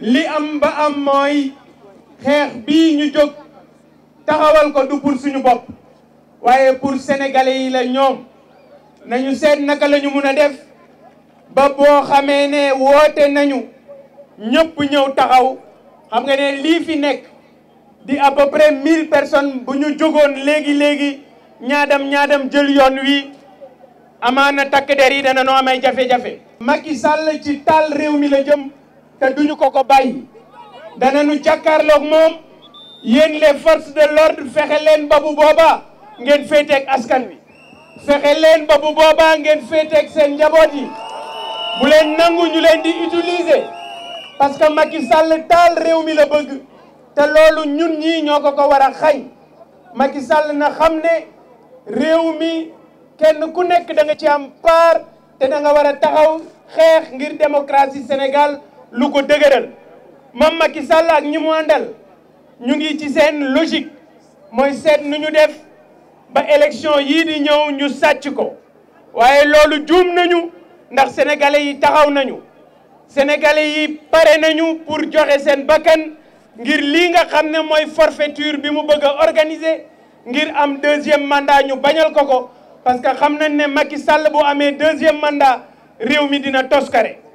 li am ba am mooy xeex bii ñu jóg taxawal ko du pour suñu bopp waaye pour sénégalais yi la ñoom nañu seet naka la ñu mun a def ba boo xamee ne woote nañu ñëpp ñëw taxaw xam nga ne lii fi nekk di à peu près mille personnes bu ñu jógoon léegi léegi ñaadam ñaadam jël yoon wi amaana takk der yi dana noo amay jafe-jafe Macky ci taal réew mi la jëm te duñu ko ko bàyyi jakarlo ak mom yeen les forces de l'ordre fexe len babu boba ngeen ngeen ak askan wi fexe len babu boba ngeen ngeen ak sen njabot yi bu len nangu ñu len di utiliser parce que Macky Sall tal rew mi la bëgg te lolu ñun ñi ñoko ko wara xay Macky Sall na xam rew mi kenn ku nekk da nga ci am part te da nga wara taxaw xex ngir démocratie Sénégal lu ko dëgëral moom Macky sàll ak ñi mu ñu ngi ci seen logique mooy seet nañu def ba élection yii di ñëw ñu sàcc ko waaye loolu juum nañu ndax sénégalais yi taxaw nañu sénégalais yi pare nañu pour joxe seen bakkan ngir lii nga xam ne mooy forfaiture bi mu bëgg a organiser ngir am deuxième mandat ñu bañal ko ko parce que xam nañ ne Macky sàll bu amee deuxième mandat réew mi dina toskare